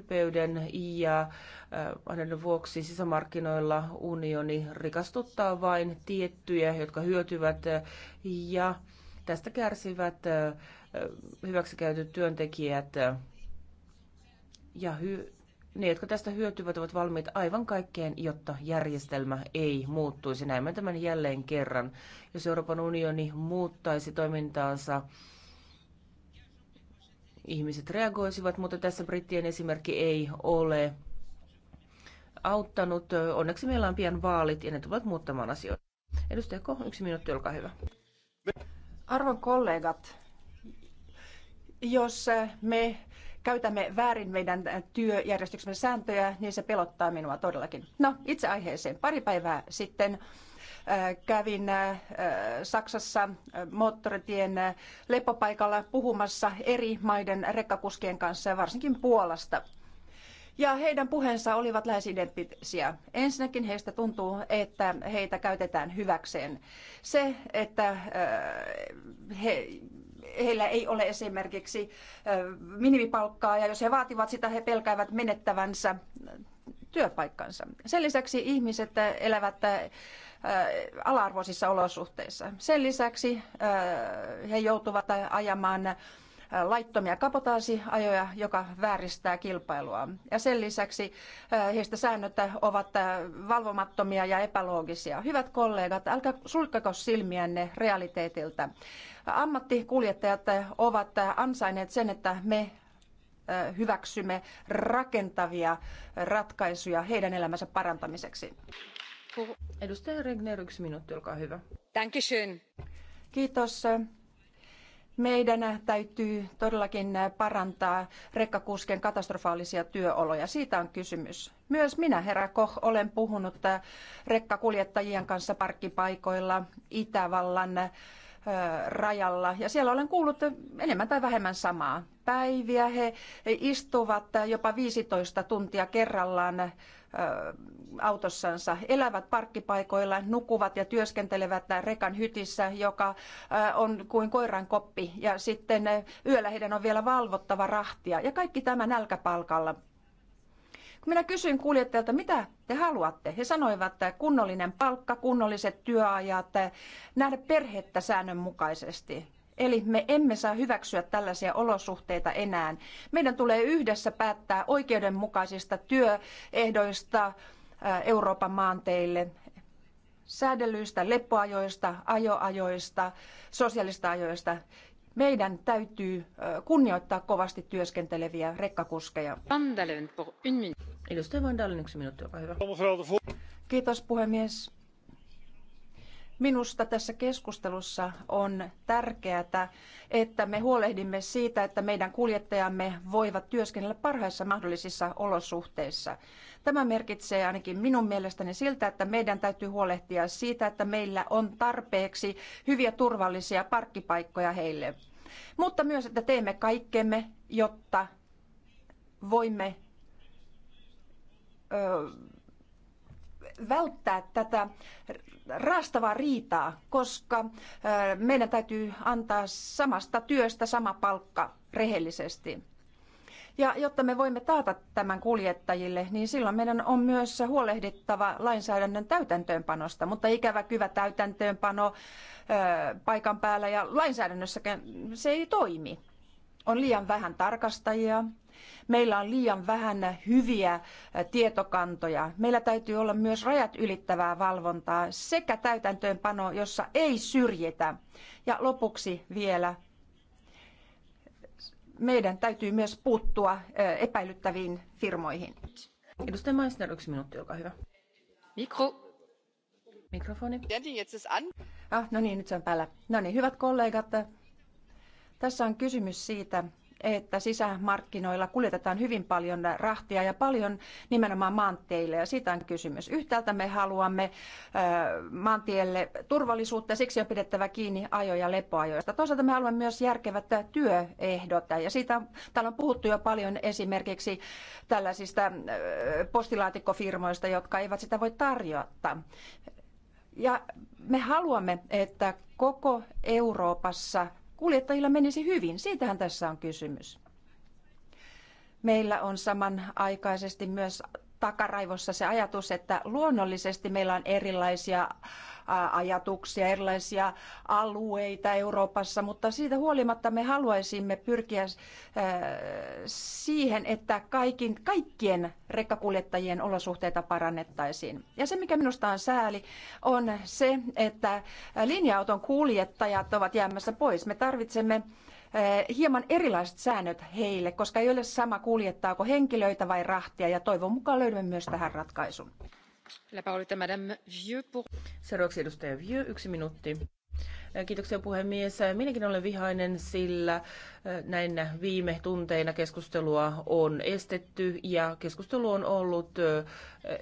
ylpeyden ja hänen äh, vuoksi sisämarkkinoilla unioni rikastuttaa vain tiettyjä, jotka hyötyvät äh, ja tästä kärsivät äh, hyväksikäytyt työntekijät ja hy- ne, jotka tästä hyötyvät, ovat valmiit aivan kaikkeen, jotta järjestelmä ei muuttuisi. Näemme tämän jälleen kerran. Jos Euroopan unioni muuttaisi toimintaansa ihmiset reagoisivat, mutta tässä brittien esimerkki ei ole auttanut. Onneksi meillä on pian vaalit ja ne tulevat muuttamaan asioita. Edustaja Ko, yksi minuutti, olkaa hyvä. Arvon kollegat, jos me käytämme väärin meidän työjärjestyksemme sääntöjä, niin se pelottaa minua todellakin. No, itse aiheeseen. Pari päivää sitten Äh, kävin äh, Saksassa äh, moottoritien lepopaikalla puhumassa eri maiden rekkakuskien kanssa ja varsinkin Puolasta. Ja heidän puheensa olivat lähes identtisiä. Ensinnäkin heistä tuntuu, että heitä käytetään hyväkseen. Se, että he, heillä ei ole esimerkiksi minimipalkkaa ja jos he vaativat sitä, he pelkäävät menettävänsä työpaikkansa. Sen lisäksi ihmiset elävät Äh, ala-arvoisissa olosuhteissa. Sen lisäksi äh, he joutuvat ajamaan äh, laittomia kapotaasiajoja, joka vääristää kilpailua. Ja sen lisäksi heistä säännöt ovat valvomattomia ja epäloogisia. Hyvät kollegat, älkää sulkako silmiänne realiteetilta. Ammattikuljettajat ovat ansainneet sen, että me hyväksymme rakentavia ratkaisuja heidän elämänsä parantamiseksi. Edustaja Regner, yksi minuutti, olkaa hyvä. Dankeschön. Kiitos. Meidän täytyy todellakin parantaa rekkakuskien katastrofaalisia työoloja. Siitä on kysymys. Myös minä, herra Koch, olen puhunut rekkakuljettajien kanssa parkkipaikoilla Itävallan rajalla. Ja siellä olen kuullut enemmän tai vähemmän samaa. Päiviä he istuvat jopa 15 tuntia kerrallaan autossansa, elävät parkkipaikoilla, nukuvat ja työskentelevät rekan hytissä, joka on kuin koiran koppi. Ja sitten yöllä heidän on vielä valvottava rahtia ja kaikki tämä nälkäpalkalla. Kun minä kysyin kuljettajalta, mitä te haluatte, he sanoivat, että kunnollinen palkka, kunnolliset työajat, nähdä perhettä säännönmukaisesti. Eli me emme saa hyväksyä tällaisia olosuhteita enää. Meidän tulee yhdessä päättää oikeudenmukaisista työehdoista Euroopan maanteille, säädellyistä lepoajoista, ajoajoista, sosiaalista ajoista. Meidän täytyy kunnioittaa kovasti työskenteleviä rekkakuskeja. Edustaja Van yksi minuutti, olkaa hyvä. Kiitos puhemies. Minusta tässä keskustelussa on tärkeää, että me huolehdimme siitä, että meidän kuljettajamme voivat työskennellä parhaissa mahdollisissa olosuhteissa. Tämä merkitsee ainakin minun mielestäni siltä, että meidän täytyy huolehtia siitä, että meillä on tarpeeksi hyviä turvallisia parkkipaikkoja heille. Mutta myös, että teemme kaikkemme, jotta voimme ö, välttää tätä raastavaa riitaa, koska meidän täytyy antaa samasta työstä sama palkka rehellisesti. Ja jotta me voimme taata tämän kuljettajille, niin silloin meidän on myös huolehdittava lainsäädännön täytäntöönpanosta, mutta ikävä kyvä täytäntöönpano paikan päällä ja lainsäädännössäkään se ei toimi. On liian vähän tarkastajia, Meillä on liian vähän hyviä tietokantoja. Meillä täytyy olla myös rajat ylittävää valvontaa sekä täytäntöönpano, jossa ei syrjitä. Ja lopuksi vielä meidän täytyy myös puuttua epäilyttäviin firmoihin. Edustaja Meissner, yksi minuutti, olkaa hyvä. Mikro. Mikrofoni. Ah, no niin, nyt se on päällä. No niin, hyvät kollegat, tässä on kysymys siitä, että sisämarkkinoilla kuljetetaan hyvin paljon rahtia ja paljon nimenomaan maanteille ja siitä on kysymys. Yhtäältä me haluamme maantielle turvallisuutta ja siksi on pidettävä kiinni ajo- ja lepoajoista. Toisaalta me haluamme myös järkevät työehdot ja siitä on, täällä on puhuttu jo paljon esimerkiksi tällaisista postilaatikkofirmoista, jotka eivät sitä voi tarjota. Ja me haluamme, että koko Euroopassa kuljettajilla menisi hyvin. Siitähän tässä on kysymys. Meillä on samanaikaisesti myös takaraivossa se ajatus, että luonnollisesti meillä on erilaisia ajatuksia, erilaisia alueita Euroopassa, mutta siitä huolimatta me haluaisimme pyrkiä siihen, että kaikin, kaikkien rekkakuljettajien olosuhteita parannettaisiin. Ja se, mikä minusta on sääli, on se, että linja-auton kuljettajat ovat jäämässä pois. Me tarvitsemme hieman erilaiset säännöt heille, koska ei ole sama kuljettaako henkilöitä vai rahtia ja toivon mukaan löydämme myös tähän ratkaisun. Seuraavaksi edustaja yksi minuutti. Kiitoksia puhemies. Minäkin olen vihainen, sillä eh, näinä viime tunteina keskustelua on estetty ja keskustelu on ollut eh,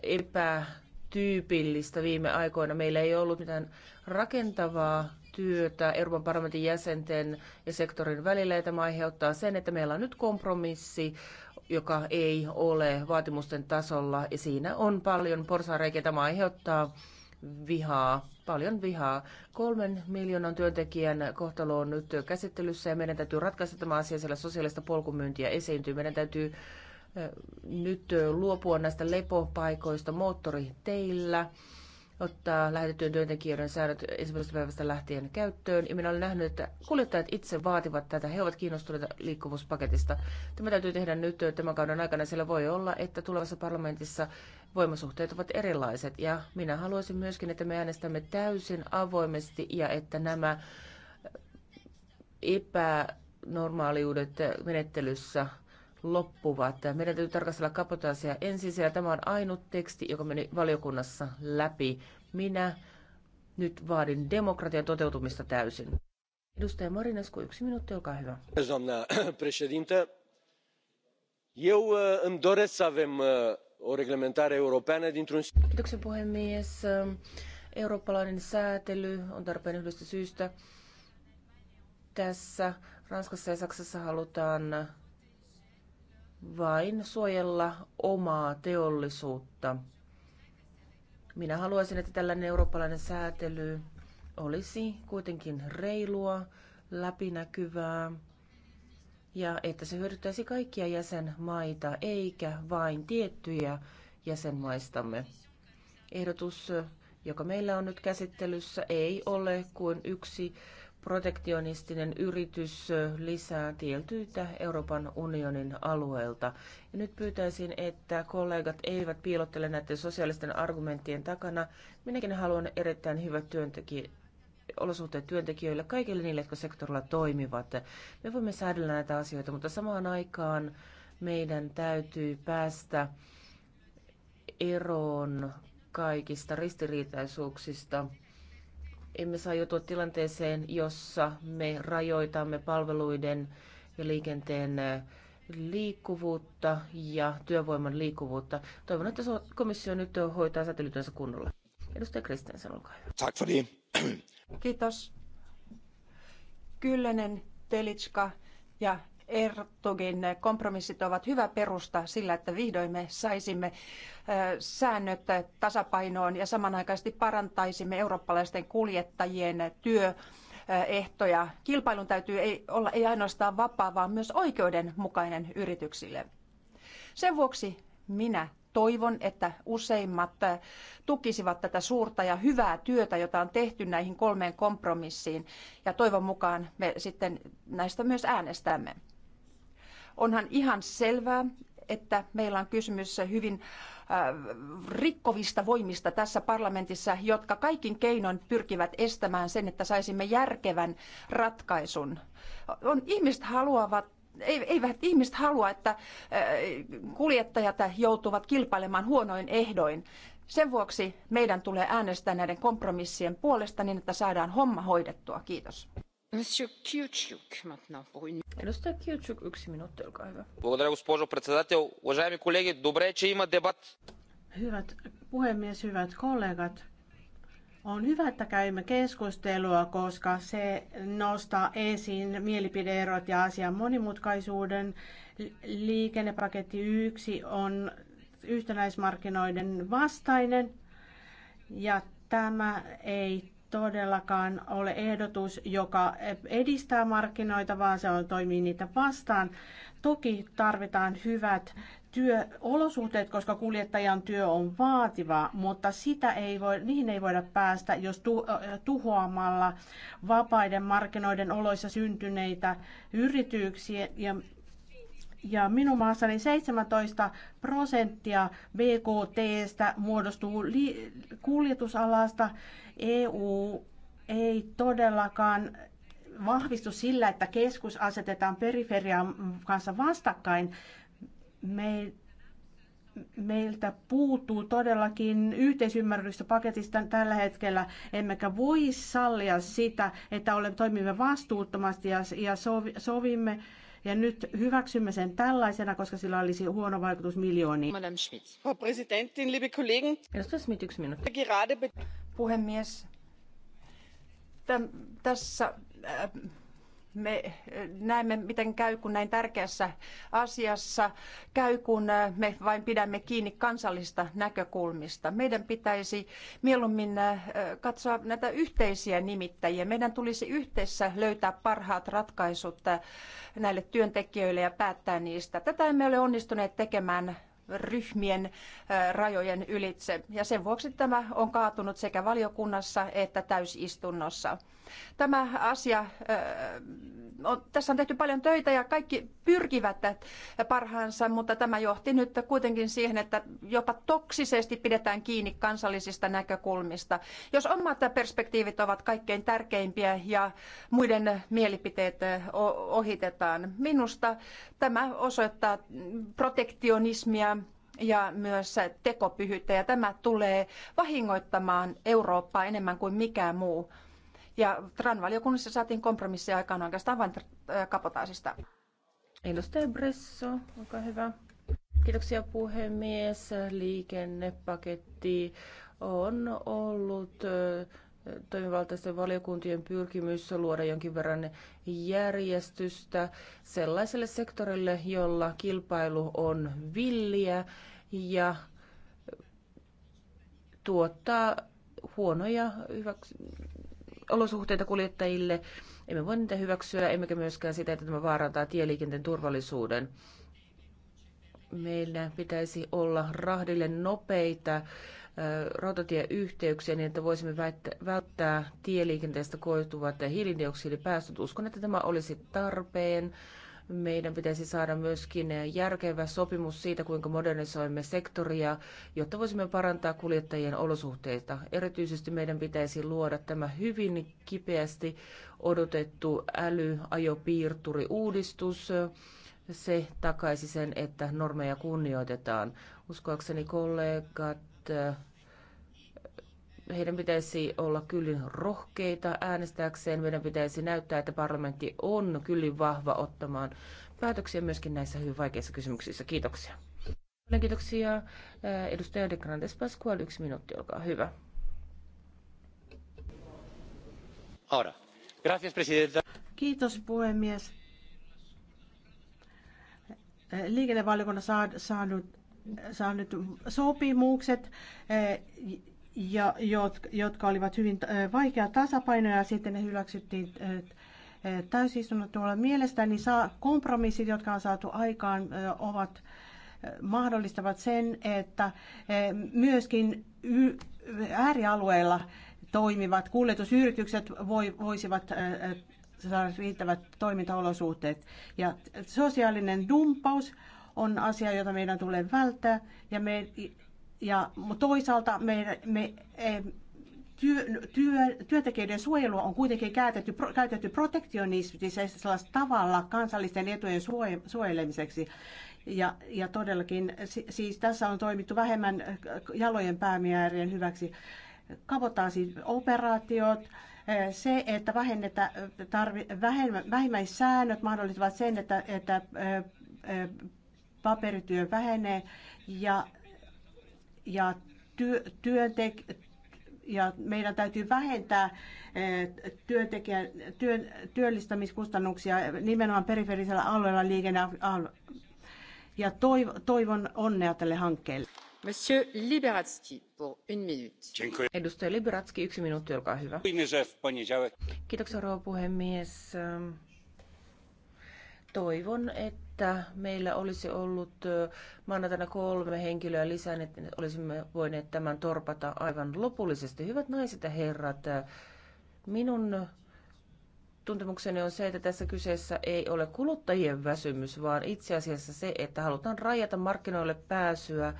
epätyypillistä viime aikoina. Meillä ei ollut mitään rakentavaa työtä Euroopan parlamentin jäsenten ja sektorin välillä ja tämä aiheuttaa sen, että meillä on nyt kompromissi joka ei ole vaatimusten tasolla. Ja siinä on paljon porsareikiä. Tämä aiheuttaa vihaa, paljon vihaa. Kolmen miljoonan työntekijän kohtalo on nyt käsittelyssä ja meidän täytyy ratkaista tämä asia, sillä sosiaalista polkumyyntiä esiintyy. Meidän täytyy eh, nyt luopua näistä lepopaikoista moottoriteillä ottaa lähetettyjen työntekijöiden säädöt ensimmäisestä päivästä lähtien käyttöön. Ja minä olen nähnyt, että kuljettajat itse vaativat tätä. He ovat kiinnostuneita liikkuvuuspaketista. Tämä täytyy tehdä nyt tämän kauden aikana. Siellä voi olla, että tulevassa parlamentissa voimasuhteet ovat erilaiset. Ja minä haluaisin myöskin, että me äänestämme täysin avoimesti ja että nämä epänormaaliudet menettelyssä – loppuvat. Meidän täytyy tarkastella kapotaasia ensin, sillä tämä on ainut teksti, joka meni valiokunnassa läpi. Minä nyt vaadin demokratian toteutumista täysin. Edustaja Marinescu, yksi minuutti, olkaa hyvä. Doamna președintă, eu uh, îmi doresc să avem uh, o reglementare europeană dintr-un... Kiitoksen puhemies. Eurooppalainen säätely on tarpeen yhdestä syystä. Tässä Ranskassa ja Saksassa halutaan vain suojella omaa teollisuutta. Minä haluaisin, että tällainen eurooppalainen säätely olisi kuitenkin reilua, läpinäkyvää ja että se hyödyttäisi kaikkia jäsenmaita eikä vain tiettyjä jäsenmaistamme. Ehdotus, joka meillä on nyt käsittelyssä, ei ole kuin yksi protektionistinen yritys lisää tieltyitä Euroopan unionin alueelta. Ja nyt pyytäisin, että kollegat eivät piilottele näiden sosiaalisten argumenttien takana. Minäkin haluan erittäin hyvät työntekijät olosuhteet työntekijöille, kaikille niille, jotka sektorilla toimivat. Me voimme säädellä näitä asioita, mutta samaan aikaan meidän täytyy päästä eroon kaikista ristiriitaisuuksista – emme saa joutua tilanteeseen, jossa me rajoitamme palveluiden ja liikenteen liikkuvuutta ja työvoiman liikkuvuutta. Toivon, että komissio nyt hoitaa säteilytyönsä kunnolla. Edustaja Kristensen, olkaa hyvä. Tack för det. Kiitos. Kyllönen, Telitska ja Ertugin kompromissit ovat hyvä perusta sillä, että vihdoin me saisimme säännöt tasapainoon ja samanaikaisesti parantaisimme eurooppalaisten kuljettajien työ ehtoja. Kilpailun täytyy ei olla ei ainoastaan vapaa, vaan myös oikeudenmukainen yrityksille. Sen vuoksi minä toivon, että useimmat tukisivat tätä suurta ja hyvää työtä, jota on tehty näihin kolmeen kompromissiin. Ja toivon mukaan me sitten näistä myös äänestämme onhan ihan selvää, että meillä on kysymys hyvin äh, rikkovista voimista tässä parlamentissa, jotka kaikin keinoin pyrkivät estämään sen, että saisimme järkevän ratkaisun. On, ihmiset haluavat eivät ihmiset halua, että äh, kuljettajat joutuvat kilpailemaan huonoin ehdoin. Sen vuoksi meidän tulee äänestää näiden kompromissien puolesta niin, että saadaan homma hoidettua. Kiitos arvoisa puhemies hyvät puhemies hyvät kollegat on hyvä että käymme keskustelua koska se nostaa esiin mielipideerot ja asian monimutkaisuuden. liikennepaketti yksi on yhtenäismarkkinoiden vastainen ja tämä ei todellakaan ole ehdotus, joka edistää markkinoita, vaan se on, toimii niitä vastaan. Toki tarvitaan hyvät työolosuhteet, koska kuljettajan työ on vaativa, mutta sitä ei voi, niihin ei voida päästä, jos tu, tuhoamalla vapaiden markkinoiden oloissa syntyneitä yrityksiä ja ja minun maassani 17 prosenttia BKTstä muodostuu li- kuljetusalasta. EU ei todellakaan vahvistu sillä, että keskus asetetaan periferian kanssa vastakkain. Me, meiltä puuttuu todellakin yhteisymmärrystä paketista tällä hetkellä, emmekä voi sallia sitä, että olemme toimimme vastuuttomasti ja, ja sovimme ja nyt hyväksymme sen tällaisena, koska sillä olisi huono vaikutus miljooniin. Madame Schmidt. Frau Präsidentin, liebe Kollegen. Schmidt, yksi minuutti. Puhemies, tässä äh, me eh, näemme, miten käy, kun näin tärkeässä asiassa käy, kun eh, me vain pidämme kiinni kansallista näkökulmista. Meidän pitäisi mieluummin eh, katsoa näitä yhteisiä nimittäjiä. Meidän tulisi yhdessä löytää parhaat ratkaisut näille työntekijöille ja päättää niistä. Tätä emme ole onnistuneet tekemään ryhmien rajojen ylitse. Ja sen vuoksi tämä on kaatunut sekä valiokunnassa että täysistunnossa. Tämä asia, on, tässä on tehty paljon töitä ja kaikki pyrkivät parhaansa, mutta tämä johti nyt kuitenkin siihen, että jopa toksisesti pidetään kiinni kansallisista näkökulmista. Jos omat perspektiivit ovat kaikkein tärkeimpiä ja muiden mielipiteet ohitetaan, minusta tämä osoittaa protektionismia ja myös tekopyhyyttä ja tämä tulee vahingoittamaan Eurooppaa enemmän kuin mikään muu. Ja TRAN-valiokunnassa saatiin kompromissi aikaan oikeastaan vain äh, kapotaasista. Edustaja Bresso, olkaa hyvä. Kiitoksia puhemies. Liikennepaketti on ollut äh, toimivaltaisten valiokuntien pyrkimys luoda jonkin verran järjestystä sellaiselle sektorille, jolla kilpailu on villiä ja tuottaa huonoja hyväks- olosuhteita kuljettajille. Emme voi niitä hyväksyä, emmekä myöskään sitä, että tämä vaarantaa tieliikenteen turvallisuuden. Meillä pitäisi olla rahdille nopeita rautatieyhteyksiä niin, että voisimme välttää tieliikenteestä koituvat hiilidioksidipäästöt. Uskon, että tämä olisi tarpeen. Meidän pitäisi saada myöskin järkevä sopimus siitä, kuinka modernisoimme sektoria, jotta voisimme parantaa kuljettajien olosuhteita. Erityisesti meidän pitäisi luoda tämä hyvin kipeästi odotettu älyajopiirturi-uudistus. Se takaisi sen, että normeja kunnioitetaan. Uskoakseni kollegat heidän pitäisi olla kyllin rohkeita äänestääkseen. Meidän pitäisi näyttää, että parlamentti on kyllin vahva ottamaan päätöksiä myöskin näissä hyvin vaikeissa kysymyksissä. Kiitoksia. kiitoksia. Äh, edustaja De Grandes Pascual, yksi minuutti, olkaa hyvä. Ahora. Gracias, presidenta. Kiitos puhemies. Liikennevaliokunnan saanut saanut sopimukset, eh, ja, jotka olivat hyvin eh, vaikea tasapaino ja sitten ne hyväksyttiin eh, täysistunnon tuolla. Mielestäni saa, kompromissit, jotka on saatu aikaan, ovat mahdollistavat sen, että myöskin äärialueilla toimivat kuljetusyritykset voisivat saada riittävät toimintaolosuhteet. Ja sosiaalinen dumppaus on asia, jota meidän tulee välttää. Ja me, ja, mutta toisaalta me, me eh, työ, työ, työntekijöiden suojelua on kuitenkin käytetty, pro, käytetty protektionistisella tavalla kansallisten etujen suoje, suojelemiseksi. Ja, ja todellakin, siis tässä on toimittu vähemmän jalojen päämiäärien hyväksi. kavotaan siis operaatiot, eh, se, että vähennetä, tarvi, vähemmä, vähimmäissäännöt mahdollistavat sen, että, että eh, paperityö vähenee ja, ja, työ, työntek, ja meidän täytyy vähentää eh, työntekijän, työn, työllistämiskustannuksia nimenomaan periferisellä alueella liikenne ja toiv, toivon onnea tälle hankkeelle. Monsieur Liberatski, pour une minute. Edustaja Liberatski, yksi minuutti, olkaa hyvä. Kiitoksia rouva puhemies. Toivon, että että meillä olisi ollut maanantaina kolme henkilöä lisää, niin että olisimme voineet tämän torpata aivan lopullisesti. Hyvät naiset ja herrat, minun tuntemukseni on se, että tässä kyseessä ei ole kuluttajien väsymys, vaan itse asiassa se, että halutaan rajata markkinoille pääsyä,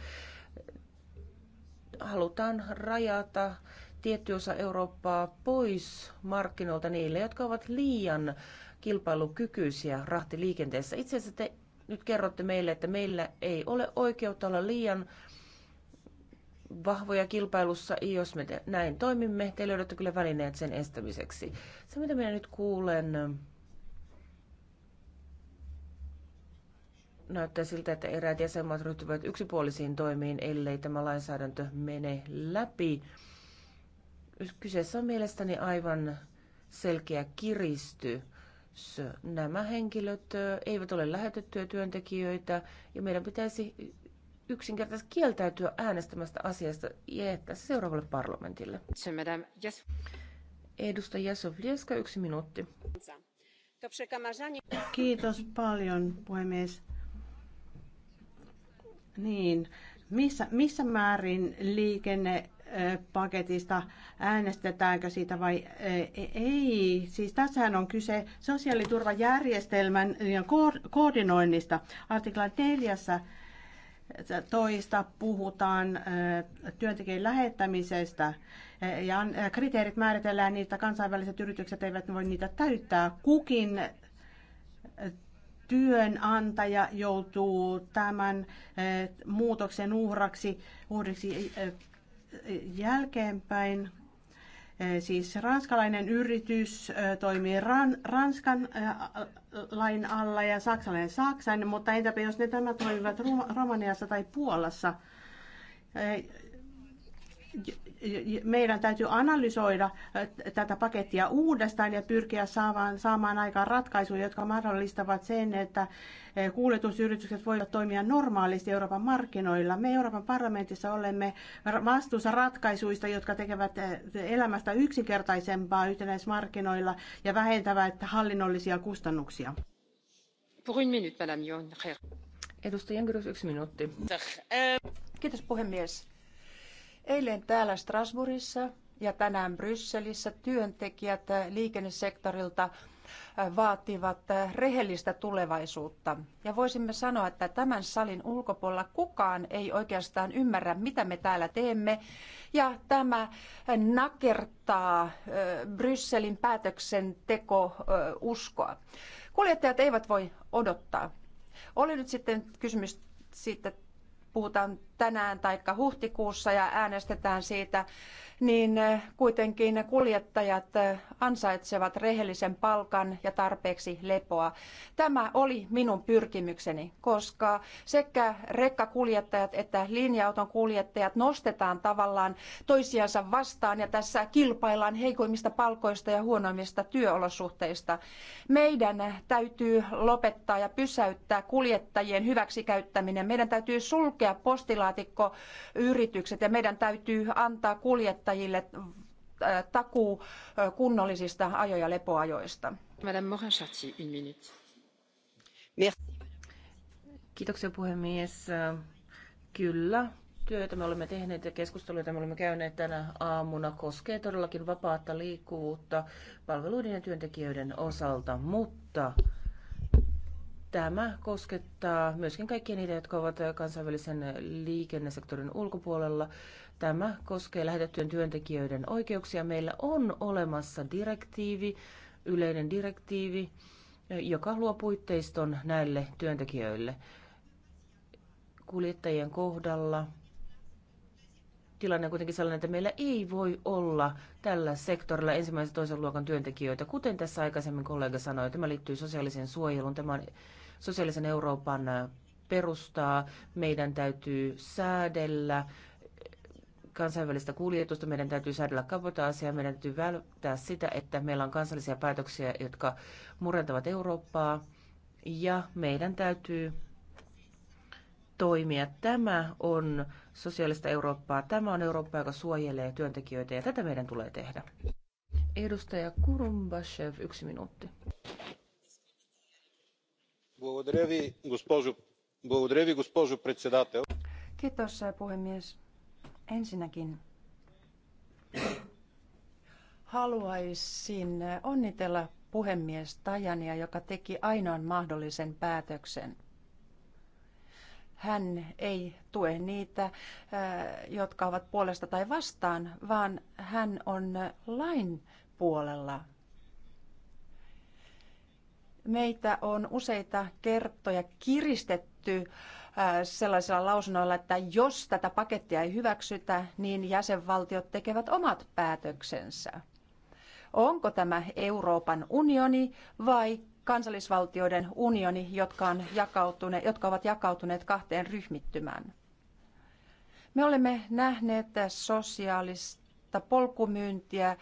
halutaan rajata tietty osa Eurooppaa pois markkinoilta niille, jotka ovat liian äh, kilpailukykyisiä rahtiliikenteessä. Itse asiassa te nyt kerrotte meille, että meillä ei ole oikeutta olla liian vahvoja kilpailussa, jos me näin toimimme. Te löydätte kyllä välineet sen estämiseksi. Se, mitä minä nyt kuulen, näyttää siltä, että eräät jäsenmaat ryhtyvät yksipuolisiin toimiin, ellei tämä lainsäädäntö mene läpi. Kyseessä on mielestäni aivan selkeä kiristy. Nämä henkilöt eivät ole lähetettyjä työntekijöitä ja meidän pitäisi yksinkertaisesti kieltäytyä äänestämästä asiasta ja jättää se seuraavalle parlamentille. Edustaja Lieska, yksi minuutti. Kiitos paljon, puhemies. Niin, missä, missä määrin liikenne paketista, äänestetäänkö siitä vai e, ei. Siis tässähän on kyse sosiaaliturvajärjestelmän koordinoinnista. Artiklan 4 e, toista puhutaan e, työntekijän lähettämisestä ja kriteerit määritellään niitä, kansainväliset yritykset eivät voi niitä täyttää. Kukin työnantaja joutuu tämän muutoksen uhraksi, uhriksi jälkeenpäin. Eh, siis ranskalainen yritys eh, toimii ran, Ranskan eh, lain alla ja saksalainen Saksan, mutta entäpä jos ne tämä toimivat Romaniassa tai Puolassa? meidän täytyy analysoida äh, tätä pakettia uudestaan ja pyrkiä saamaan, saamaan aikaan ratkaisuja, jotka mahdollistavat sen, että äh, kuljetusyritykset voivat toimia normaalisti Euroopan markkinoilla. Me Euroopan parlamentissa olemme vastuussa ratkaisuista, jotka tekevät äh, elämästä yksinkertaisempaa yhtenäismarkkinoilla ja vähentävät hallinnollisia kustannuksia. Pour une Edustaja Jengyrys, yksi minuutti. Kiitos puhemies Eilen täällä Strasbourgissa ja tänään Brysselissä työntekijät liikennesektorilta vaativat rehellistä tulevaisuutta. Ja voisimme sanoa, että tämän salin ulkopuolella kukaan ei oikeastaan ymmärrä, mitä me täällä teemme. Ja tämä nakertaa Brysselin päätöksenteko uskoa. Kuljettajat eivät voi odottaa. Oli nyt sitten kysymys siitä, puhutaan tänään tai huhtikuussa ja äänestetään siitä, niin eh, kuitenkin kuljettajat eh, ansaitsevat rehellisen palkan ja tarpeeksi lepoa. Tämä oli minun pyrkimykseni, koska sekä rekkakuljettajat että linja-auton kuljettajat nostetaan tavallaan toisiansa vastaan ja tässä kilpaillaan heikoimmista palkoista ja huonoimmista työolosuhteista. Meidän eh, täytyy lopettaa ja pysäyttää kuljettajien hyväksikäyttäminen. Meidän täytyy sulkea postilaatikot yritykset ja meidän täytyy antaa kuljettajille äh, takuu äh, kunnollisista ajo- ja lepoajoista. Madame Morin une minute. Kiitoksia puhemies. Kyllä, työtä me olemme tehneet ja keskusteluita me olemme käyneet tänä aamuna koskee todellakin vapaata liikkuvuutta palveluiden ja työntekijöiden osalta, mutta Tämä koskettaa myöskin kaikkia niitä, jotka ovat kansainvälisen liikennesektorin ulkopuolella. Tämä koskee lähetettyjen työntekijöiden oikeuksia. Meillä on olemassa direktiivi, yleinen direktiivi, joka luo puitteiston näille työntekijöille. Kuljettajien kohdalla tilanne on kuitenkin sellainen, että meillä ei voi olla tällä sektorilla ensimmäisen toisen luokan työntekijöitä. Kuten tässä aikaisemmin kollega sanoi, tämä liittyy sosiaaliseen suojeluun. Tämä on sosiaalisen Euroopan äh, perustaa. Meidän täytyy säädellä äh, kansainvälistä kuljetusta, meidän täytyy säädellä kabotaasia, meidän täytyy välttää sitä, että meillä on kansallisia päätöksiä, jotka murentavat Eurooppaa, ja meidän täytyy toimia. Tämä on sosiaalista Eurooppaa, tämä on Eurooppa, joka suojelee työntekijöitä, ja tätä meidän tulee tehdä. Edustaja Kurumbashev, yksi minuutti arvoisa puhemies. Ensinnäkin haluaisin onnitella puhemies Tajania, joka teki ainoan mahdollisen päätöksen. Hän ei tue niitä, jotka ovat puolesta tai vastaan, vaan hän on lain puolella meitä on useita kertoja kiristetty äh, sellaisilla lausunnoilla, että jos tätä pakettia ei hyväksytä, niin jäsenvaltiot tekevät omat päätöksensä. Onko tämä Euroopan unioni vai kansallisvaltioiden unioni, jotka, on jakautuneet, jotka ovat jakautuneet kahteen ryhmittymään? Me olemme nähneet sosiaalista polkumyyntiä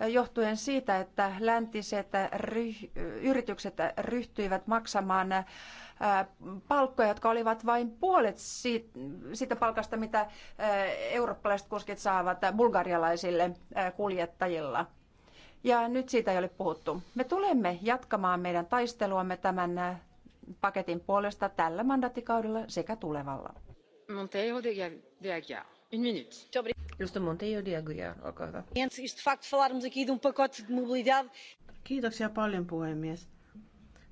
johtuen siitä, että läntiset ryh- yritykset ryhtyivät maksamaan palkkoja, jotka olivat vain puolet siitä palkasta, mitä eurooppalaiset kuskit saavat bulgarialaisille kuljettajilla. Ja nyt siitä ei ole puhuttu. Me tulemme jatkamaan meidän taisteluamme tämän paketin puolesta tällä mandaattikaudella sekä tulevalla. Monteiro de Aguiar arvoisa um puhemies.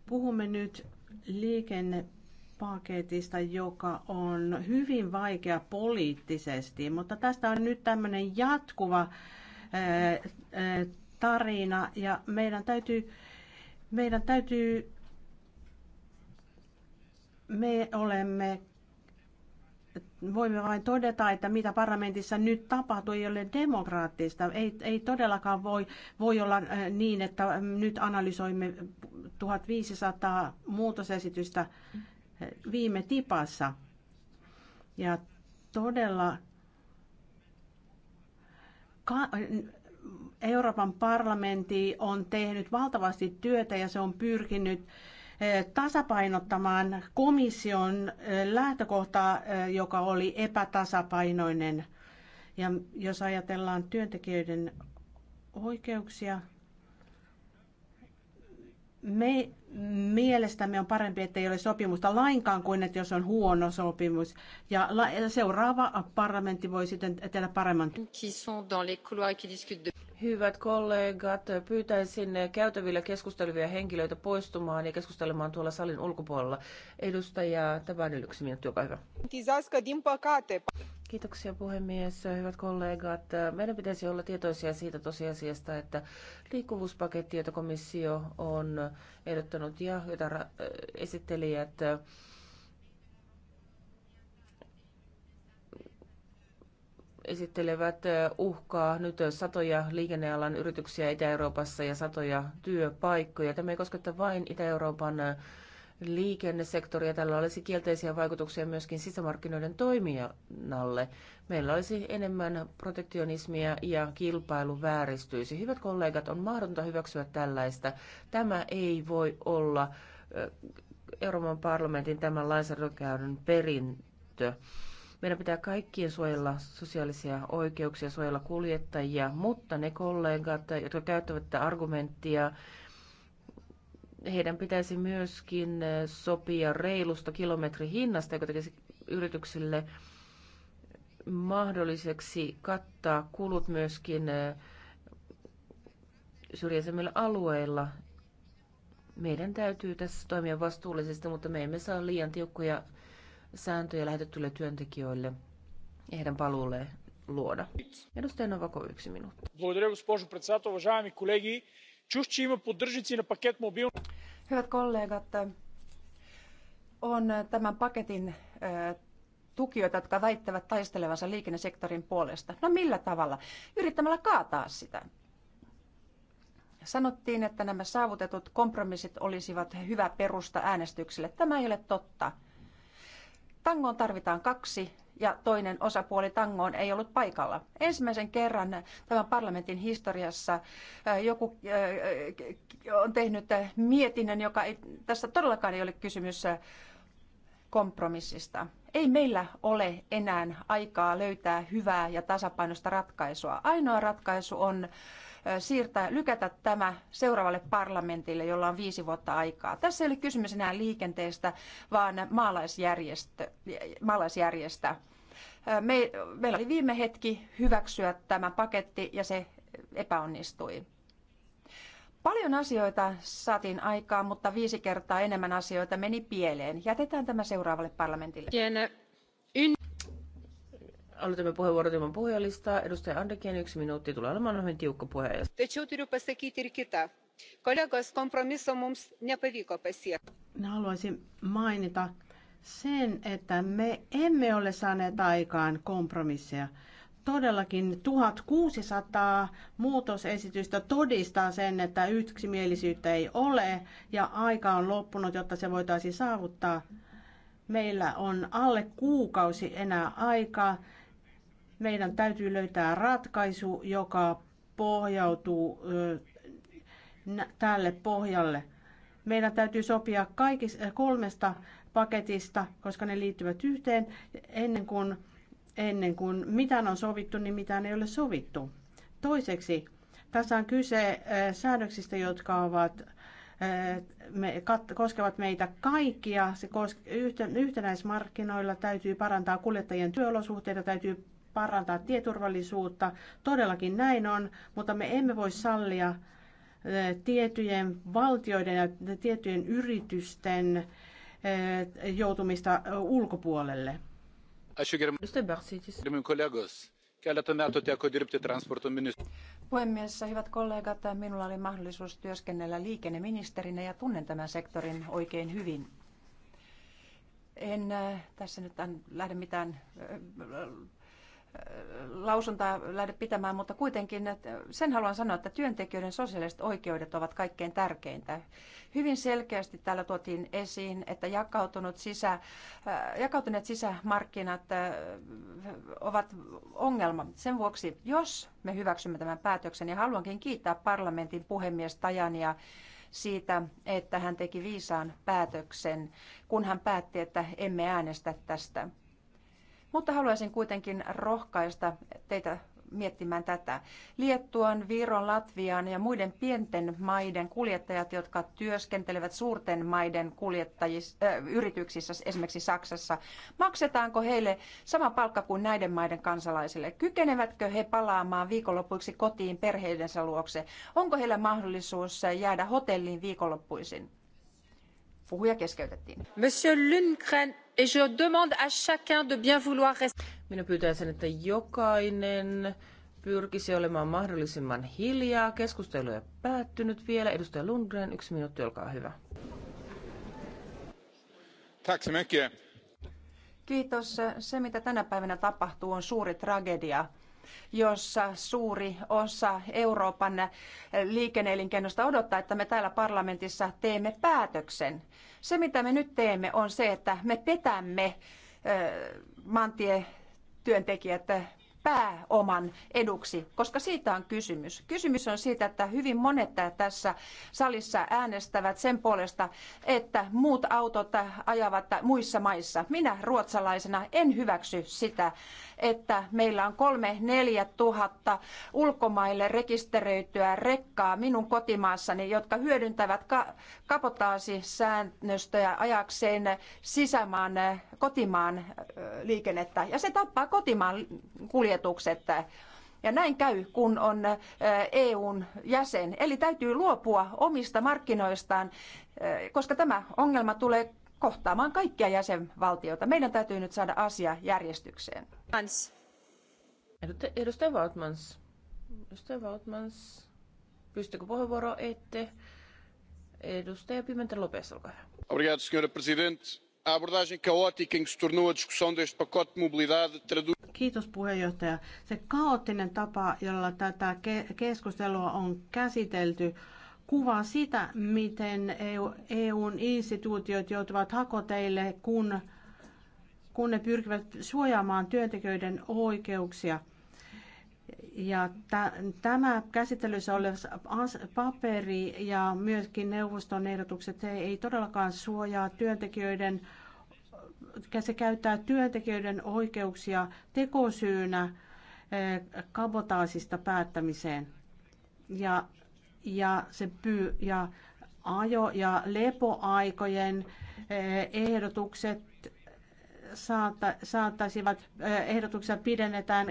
Puhumme nyt liikennepaketista, joka on hyvin vaikea poliittisesti, mutta tästä on nyt tämmöinen jatkuva tarina ja meidän täytyy, meidän täytyy me olemme voimme vain todeta, että mitä parlamentissa nyt tapahtuu, ei ole demokraattista. Ei, ei todellakaan voi, voi olla äh, niin, että nyt analysoimme 1500 muutosesitystä äh, viime tipassa. Ja todella Euroopan parlamentti on tehnyt valtavasti työtä ja se on pyrkinyt tasapainottamaan komission lähtökohtaa, joka oli epätasapainoinen. Ja jos ajatellaan työntekijöiden oikeuksia, me mielestämme on parempi, että ei ole sopimusta lainkaan kuin, että jos on huono sopimus. Ja seuraava parlamentti voi sitten tehdä paremman. Hyvät kollegat, pyytäisin käytävillä keskustelevia henkilöitä poistumaan ja keskustelemaan tuolla salin ulkopuolella. Edustaja Tavan yksi minuutti, olkaa hyvä. Kiitoksia puhemies, hyvät kollegat. Meidän pitäisi olla tietoisia siitä tosiasiasta, että liikkuvuuspaketti, jota komissio on ehdottanut ja jota esittelijät esittelevät uhkaa nyt satoja liikennealan yrityksiä Itä-Euroopassa ja satoja työpaikkoja. Tämä ei kosketa vain Itä-Euroopan liikennesektoria. Tällä olisi kielteisiä vaikutuksia myöskin sisämarkkinoiden toiminnalle. Meillä olisi enemmän protektionismia ja kilpailu vääristyisi. Hyvät kollegat, on mahdotonta hyväksyä tällaista. Tämä ei voi olla Euroopan parlamentin tämän lainsäädäntökäyden perintö. Meidän pitää kaikkien suojella sosiaalisia oikeuksia, suojella kuljettajia, mutta ne kollegat, jotka käyttävät tätä argumenttia, heidän pitäisi myöskin sopia reilusta kilometrihinnasta, joka tekisi yrityksille mahdolliseksi kattaa kulut myöskin eh, syrjäisemmillä alueilla. Meidän täytyy tässä toimia vastuullisesti, mutta me emme saa liian tiukkoja sääntöjä lähetettyille työntekijöille ja heidän paluulle luoda. Edustaja Novako, yksi minuutti. Hyvät kollegat, on tämän paketin э, tukijoita, jotka väittävät taistelevansa liikennesektorin puolesta. No millä tavalla? Yrittämällä kaataa sitä. Sanottiin, että nämä saavutetut kompromissit olisivat hyvä perusta äänestykselle. Tämä ei ole totta. Tangoon tarvitaan kaksi ja toinen osapuoli tangoon ei ollut paikalla. Ensimmäisen kerran tämän parlamentin historiassa joku on tehnyt mietinnön, joka ei, tässä todellakaan ei ole kysymys kompromissista. Ei meillä ole enää aikaa löytää hyvää ja tasapainoista ratkaisua. Ainoa ratkaisu on siirtää, lykätä tämä seuraavalle parlamentille, jolla on viisi vuotta aikaa. Tässä ei ole kysymys enää liikenteestä, vaan maalaisjärjestö, maalaisjärjestä. Me, meillä oli viime hetki hyväksyä tämä paketti ja se epäonnistui. Paljon asioita saatiin aikaan, mutta viisi kertaa enemmän asioita meni pieleen. Jätetään tämä seuraavalle parlamentille. Piene. Aloitamme puheenvuorot ilman puhujalistaa. Edustaja Andekien yksi minuutti tulee olemaan hyvin tiukka puheenjohtaja. Tačiau turiu pasakyti ir kita. Kollegos, kompromisso mums nepavyko pasiekti. Haluaisin mainita sen, että me emme ole saaneet aikaan kompromisseja. Todellakin 1600 muutosesitystä todistaa sen, että yksimielisyyttä ei ole ja aika on loppunut, jotta se voitaisiin saavuttaa. Meillä on alle kuukausi enää aikaa meidän täytyy löytää ratkaisu, joka pohjautuu tälle pohjalle. Meidän täytyy sopia kaikista kolmesta paketista, koska ne liittyvät yhteen ennen kuin, ennen kuin mitään on sovittu, niin mitään ei ole sovittu. Toiseksi, tässä on kyse säännöksistä, jotka ovat me, kat, koskevat meitä kaikkia. Se koske, yhtenäismarkkinoilla täytyy parantaa kuljettajien työolosuhteita, täytyy parantaa tieturvallisuutta. Todellakin näin on, mutta me emme voi sallia eh, tiettyjen valtioiden ja tiettyjen yritysten eh, joutumista eh, ulkopuolelle. Puhemies, hyvät kollegat, minulla oli mahdollisuus työskennellä liikenneministerinä ja tunnen tämän sektorin oikein hyvin. En tässä nyt lähde mitään lausuntaa lähde pitämään, mutta kuitenkin sen haluan sanoa, että työntekijöiden sosiaaliset oikeudet ovat kaikkein tärkeintä. Hyvin selkeästi täällä tuotiin esiin, että jakautunut sisä, äh, jakautuneet sisämarkkinat äh, ovat ongelma. Sen vuoksi, jos me hyväksymme tämän päätöksen, ja niin haluankin kiittää parlamentin puhemies Tajania siitä, että hän teki viisaan päätöksen, kun hän päätti, että emme äänestä tästä mutta haluaisin kuitenkin rohkaista teitä miettimään tätä. Liettuan, Viron, Latvian ja muiden pienten maiden kuljettajat, jotka työskentelevät suurten maiden äh, yrityksissä, esimerkiksi Saksassa, maksetaanko heille sama palkka kuin näiden maiden kansalaisille? Kykenevätkö he palaamaan viikonloppuiksi kotiin perheidensä luokse? Onko heillä mahdollisuus jäädä hotelliin viikonloppuisin? Puhuja keskeytettiin. Monsieur Lundgren, et je demande à chacun de bien vouloir rester. Minä pyytäisin, että jokainen pyrkisi olemaan mahdollisimman hiljaa. Keskustelu ei päättynyt vielä. Edustaja Lundgren, yksi minuutti, olkaa hyvä. Tack så mycket. Kiitos. Se, mitä tänä päivänä tapahtuu, on suuri tragedia jossa suuri osa Euroopan liikenneelinkeinosta odottaa, että me täällä parlamentissa teemme päätöksen. Se, mitä me nyt teemme, on se, että me petämme maantietyöntekijät pääoman eduksi, koska siitä on kysymys. Kysymys on siitä, että hyvin monet tässä salissa äänestävät sen puolesta, että muut autot ajavat muissa maissa. Minä ruotsalaisena en hyväksy sitä, että meillä on kolme neljä tuhatta ulkomaille rekisteröityä rekkaa minun kotimaassani, jotka hyödyntävät ka- kapotaasisäännöstöjä ajakseen sisämaan kotimaan liikennettä ja se tappaa kotimaan kuljetukset. Ja näin käy, kun on EUn jäsen. Eli täytyy luopua omista markkinoistaan, koska tämä ongelma tulee kohtaamaan kaikkia jäsenvaltioita. Meidän täytyy nyt saada asia järjestykseen. Mans. Edustaja Valtmans. Edustaja Valtmans. Pystykö puheenvuoro ette? Edustaja Pimentä Lopes, olkaa hyvä. Obrigado, senhora presidente se Kiitos puheenjohtaja. Se kaoottinen tapa, jolla tätä keskustelua on käsitelty, kuvaa sitä, miten EU, EUn instituutiot joutuvat hakoteille, kun, kun ne pyrkivät suojaamaan työntekijöiden oikeuksia – ja tämä käsittelyssä oleva paperi ja myöskin neuvoston ehdotukset ei todellakaan suojaa työntekijöiden, se käyttää työntekijöiden oikeuksia tekosyynä eh, kabotaasista päättämiseen. Ja, ja, se pyy, ja ajo- ja lepoaikojen eh, ehdotukset saattaisivat, eh, ehdotuksia pidennetään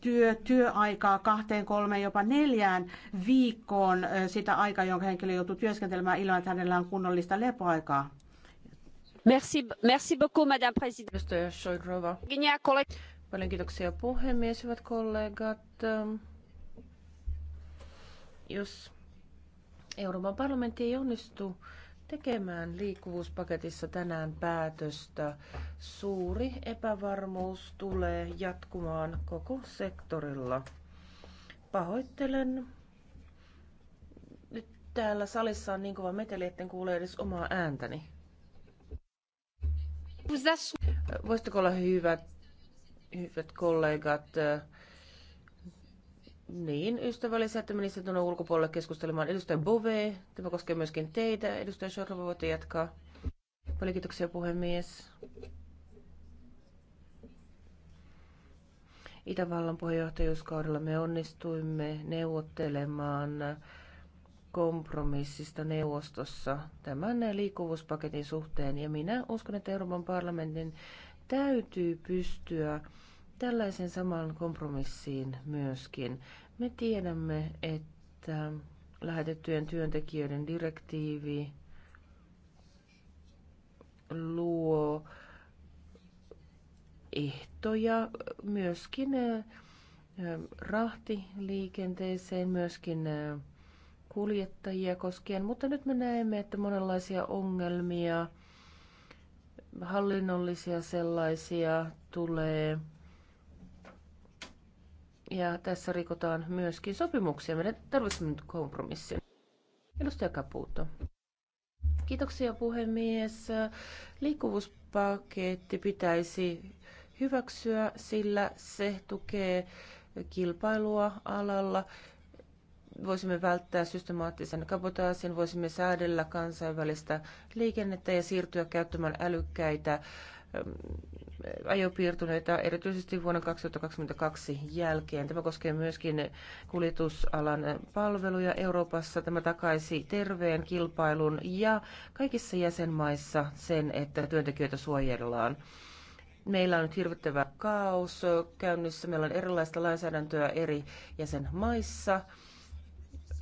työ, työaikaa kahteen, kolmeen, jopa neljään viikkoon sitä aikaa, jonka henkilö joutuu työskentelemään ilman, että hänellä on kunnollista lepoaikaa. Merci, merci beaucoup, Madame President. Paljon kiitoksia puhemies, hyvät kollegat. Jos Euroopan parlamentti ei onnistu tekemään liikkuvuuspaketissa tänään päätöstä. Suuri epävarmuus tulee jatkumaan koko sektorilla. Pahoittelen. Nyt täällä salissa on niin kova meteli, etten kuule edes omaa ääntäni. Voisitteko olla hyvät, hyvät kollegat? niin ystävällisiä, että menisitte tuonne ulkopuolelle keskustelemaan. Edustaja Bove, tämä koskee myöskin teitä. Edustaja Shorva, voitte jatkaa. Paljon kiitoksia puhemies. Itävallan puheenjohtajuuskaudella me onnistuimme neuvottelemaan kompromissista neuvostossa tämän liikkuvuuspaketin suhteen. Ja minä uskon, että Euroopan parlamentin täytyy pystyä tällaisen saman kompromissiin myöskin. Me tiedämme, että lähetettyjen työntekijöiden direktiivi luo ehtoja myöskin eh, rahtiliikenteeseen, myöskin eh, kuljettajia koskien, mutta nyt me näemme, että monenlaisia ongelmia, hallinnollisia sellaisia tulee ja tässä rikotaan myöskin sopimuksia. Meidän tarvitsemme nyt kompromissin. Edustaja Kapuuto. Kiitoksia puhemies. Liikkuvuuspaketti pitäisi hyväksyä, sillä se tukee kilpailua alalla. Voisimme välttää systemaattisen kabotaasin, voisimme säädellä kansainvälistä liikennettä ja siirtyä käyttämään älykkäitä ajopiirtuneita erityisesti vuonna 2022 jälkeen. Tämä koskee myöskin kuljetusalan palveluja Euroopassa. Tämä takaisi terveen kilpailun ja kaikissa jäsenmaissa sen, että työntekijöitä suojellaan. Meillä on nyt hirvittävä kaos käynnissä. Meillä on erilaista lainsäädäntöä eri jäsenmaissa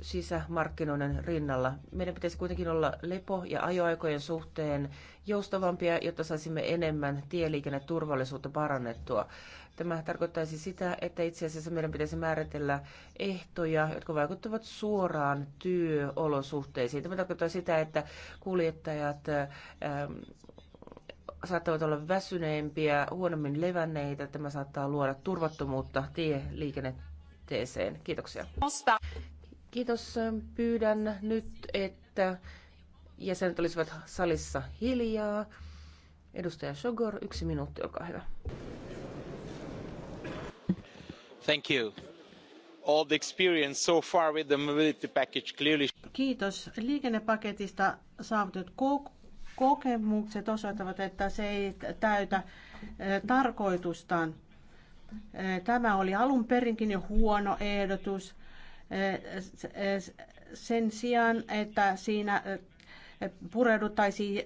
sisämarkkinoiden rinnalla. Meidän pitäisi kuitenkin olla lepo- ja ajoaikojen suhteen joustavampia, jotta saisimme enemmän tieliikenneturvallisuutta parannettua. Tämä tarkoittaisi sitä, että itse asiassa meidän pitäisi määritellä ehtoja, jotka vaikuttavat suoraan työolosuhteisiin. Tämä tarkoittaa sitä, että kuljettajat ähm, saattavat olla väsyneempiä, huonommin levänneitä. Tämä saattaa luoda turvattomuutta tieliikenne. Kiitoksia. Kiitos. Pyydän nyt, että jäsenet olisivat salissa hiljaa. Edustaja Sogor, yksi minuutti, olkaa hyvä. Thank you. All the experience so far with the mobility package clearly... Kiitos. Liikennepaketista saavutut kokemukset osoittavat, että se ei täytä eh, tarkoitustaan. Eh, tämä oli alun perinkin jo huono ehdotus sen sijaan, että siinä pureuduttaisiin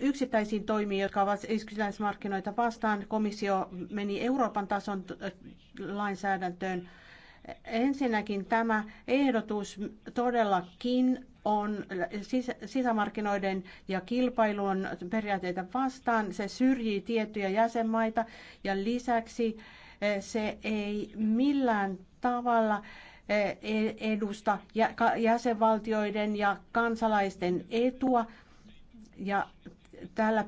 yksittäisiin toimiin, jotka ovat yksittäismarkkinoita vastaan. Komissio meni Euroopan tason lainsäädäntöön. Ensinnäkin tämä ehdotus todellakin on sisämarkkinoiden ja kilpailun periaatteita vastaan. Se syrjii tiettyjä jäsenmaita ja lisäksi se ei millään tavalla Eh, edusta jäsenvaltioiden ja kansalaisten etua. Ja täällä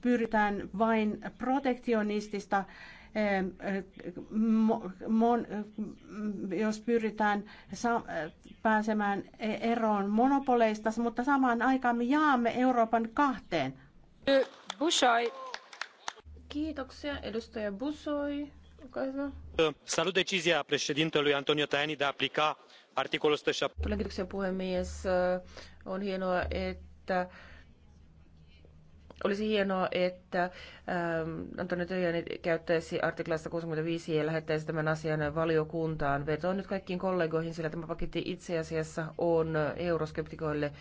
pyritään vain protektionistista eh, jos pyritään pääsemään e-, eroon monopoleista, mutta samaan aikaan me jaamme Euroopan kahteen. Bushoi. Kiitoksia edustaja Busoi. Olkaa hyvä. Salut decizia președintelui Antonio Tajani de a aplica articolul 107. Paljon kiitoksia puhemies. On hienoa, että olisi hienoa, että ähm, Antonio Töjäni käyttäisi artiklasta 65 ja lähettäisi tämän asian valiokuntaan. Vetoan nyt kaikkiin kollegoihin, sillä tämä paketti itse asiassa on euroskeptikoille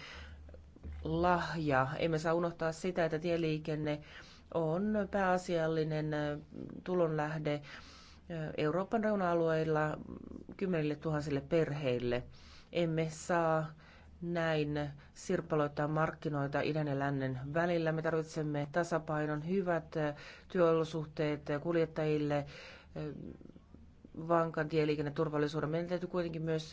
lahja. Emme saa unohtaa sitä, että tieliikenne on pääasiallinen äh, tulonlähde Euroopan reuna-alueilla kymmenille tuhansille perheille. Emme saa näin sirpaloittaa markkinoita idän ja lännen välillä. Me tarvitsemme tasapainon hyvät eh, työolosuhteet eh, kuljettajille, eh, vankan tieliikenneturvallisuuden. Meidän täytyy kuitenkin myös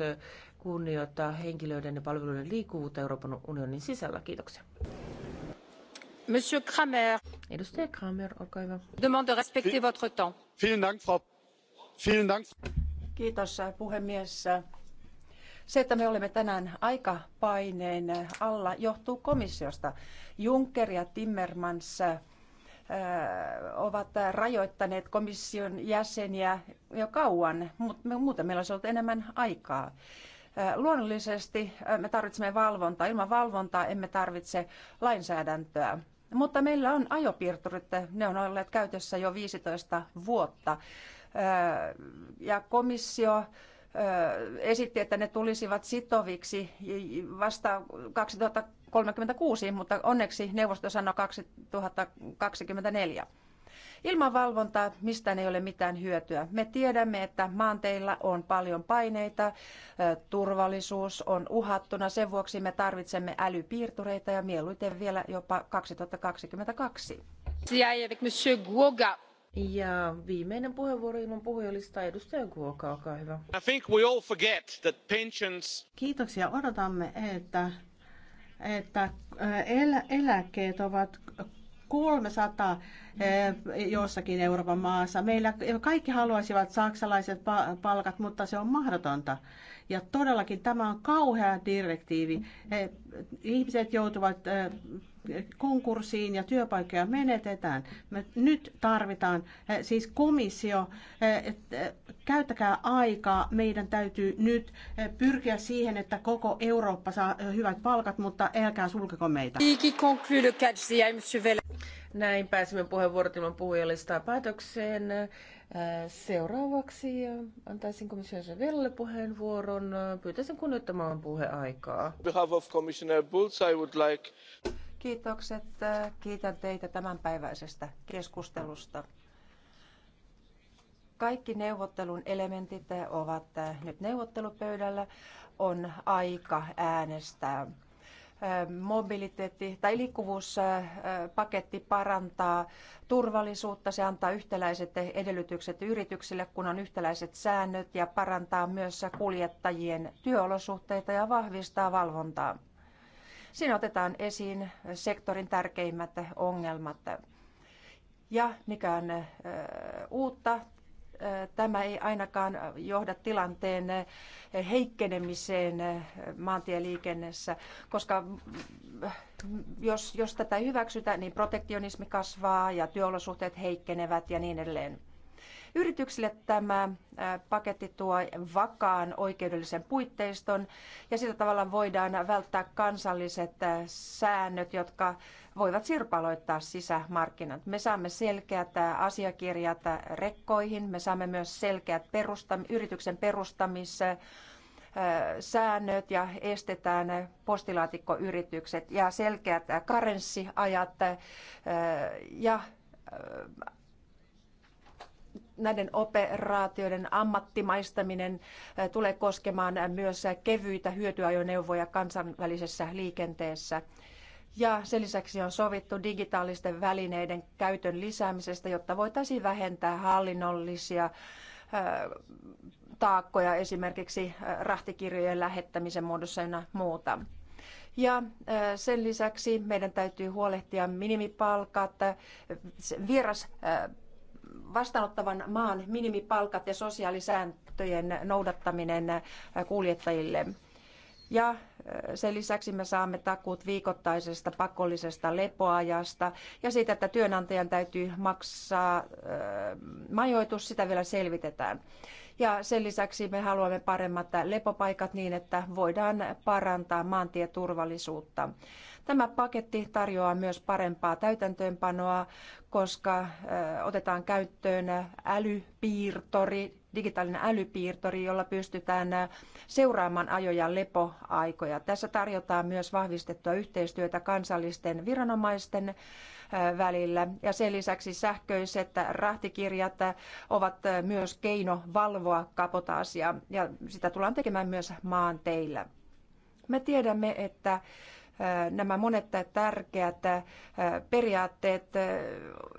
kunnioittaa henkilöiden ja palveluiden liikkuvuutta Euroopan unionin sisällä. Kiitoksia. Monsieur Kramer. Edustaja Kramer, olkaa hyvä. Demande de respecter votre temps. Vielen Dank, Frau Kiitos puhemies. Se, että me olemme tänään aika alla, johtuu komissiosta. Juncker ja Timmermans äh, ovat rajoittaneet komission jäseniä jo kauan, mutta muuten meillä olisi ollut enemmän aikaa. Äh, luonnollisesti äh, me tarvitsemme valvontaa. Ilman valvontaa emme tarvitse lainsäädäntöä. Mutta meillä on ajopiirturit, ne on olleet käytössä jo 15 vuotta ja komissio esitti, että ne tulisivat sitoviksi vasta 2036, mutta onneksi neuvosto sanoi 2024. Ilman valvontaa mistään ei ole mitään hyötyä. Me tiedämme, että maanteilla on paljon paineita, turvallisuus on uhattuna, sen vuoksi me tarvitsemme älypiirtureita ja mieluiten vielä jopa 2022. Monsieur Guoga ja viimeinen puheenvuoro ilman puhujalista edustaja Kuoka, olkaa hyvä. I think we all forget that pensions... Kiitoksia. Odotamme, että, että elä, eläkkeet ovat 300 jossakin Euroopan maassa. Meillä kaikki haluaisivat saksalaiset palkat, mutta se on mahdotonta. Ja todellakin tämä on kauhea direktiivi. Ihmiset joutuvat konkurssiin ja työpaikkoja menetetään. Me nyt tarvitaan, eh, siis komissio, eh, eh, käyttäkää aikaa. Meidän täytyy nyt pyrkiä siihen, että koko Eurooppa saa hyvät palkat, mutta älkää sulkeko meitä. Näin pääsimme puheenvuorot ilman puhujalistaa päätökseen. Seuraavaksi antaisin komission Sevelle puheenvuoron. Pyytäisin kunnioittamaan puheaikaa. On behalf of Commissioner Bulls, I would like Kiitokset. Kiitän teitä tämänpäiväisestä keskustelusta. Kaikki neuvottelun elementit ovat nyt neuvottelupöydällä. On aika äänestää mobiliteetti tai liikkuvuuspaketti parantaa turvallisuutta. Se antaa yhtäläiset edellytykset yrityksille, kun on yhtäläiset säännöt ja parantaa myös kuljettajien työolosuhteita ja vahvistaa valvontaa. Siinä otetaan esiin sektorin tärkeimmät ongelmat. Ja mikä on uutta, tämä ei ainakaan johda tilanteen heikkenemiseen maantieliikennessä, koska jos, jos tätä ei hyväksytä, niin protektionismi kasvaa ja työolosuhteet heikkenevät ja niin edelleen. Yrityksille tämä paketti tuo vakaan oikeudellisen puitteiston ja sillä tavalla voidaan välttää kansalliset säännöt, jotka voivat sirpaloittaa sisämarkkinat. Me saamme selkeät asiakirjat rekkoihin, me saamme myös selkeät perustam- yrityksen perustamis säännöt ja estetään postilaatikkoyritykset ja selkeät karenssiajat ja näiden operaatioiden ammattimaistaminen äh, tulee koskemaan myös kevyitä hyötyajoneuvoja kansainvälisessä liikenteessä. Ja sen lisäksi on sovittu digitaalisten välineiden käytön lisäämisestä, jotta voitaisiin vähentää hallinnollisia äh, taakkoja esimerkiksi äh, rahtikirjojen lähettämisen muodossa ja muuta. Ja sen lisäksi meidän täytyy huolehtia minimipalkat, vieras vastaanottavan maan minimipalkat ja sosiaalisääntöjen noudattaminen äh, kuljettajille. Ja äh, sen lisäksi me saamme takuut viikoittaisesta pakollisesta lepoajasta ja siitä, että työnantajan täytyy maksaa äh, majoitus, sitä vielä selvitetään. Ja sen lisäksi me haluamme paremmat lepopaikat niin, että voidaan parantaa maantieturvallisuutta. Tämä paketti tarjoaa myös parempaa täytäntöönpanoa, koska otetaan käyttöön älypiirtori, digitaalinen älypiirtori, jolla pystytään seuraamaan ajo- ja lepoaikoja. Tässä tarjotaan myös vahvistettua yhteistyötä kansallisten viranomaisten välillä. Ja sen lisäksi sähköiset rahtikirjat ovat myös keino valvoa kapotaasia ja sitä tullaan tekemään myös maanteillä. Me tiedämme, että nämä monet tärkeät periaatteet,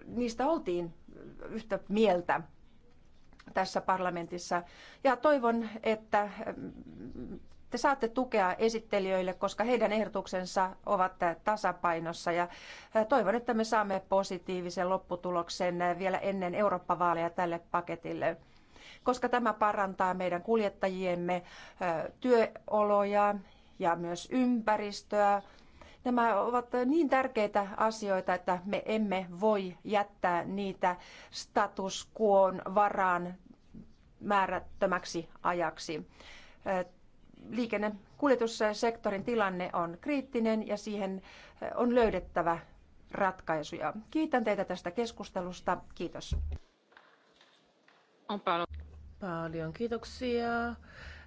niistä oltiin yhtä mieltä tässä parlamentissa. Ja toivon, että te saatte tukea esittelijöille, koska heidän ehdotuksensa ovat tasapainossa. Ja toivon, että me saamme positiivisen lopputuloksen vielä ennen Eurooppa-vaaleja tälle paketille koska tämä parantaa meidän kuljettajiemme työoloja ja myös ympäristöä. Nämä ovat niin tärkeitä asioita, että me emme voi jättää niitä status quoon varaan määrättömäksi ajaksi. Liikennekuljetussektorin tilanne on kriittinen ja siihen on löydettävä ratkaisuja. Kiitän teitä tästä keskustelusta. Kiitos. On paljon. Paljon kiitoksia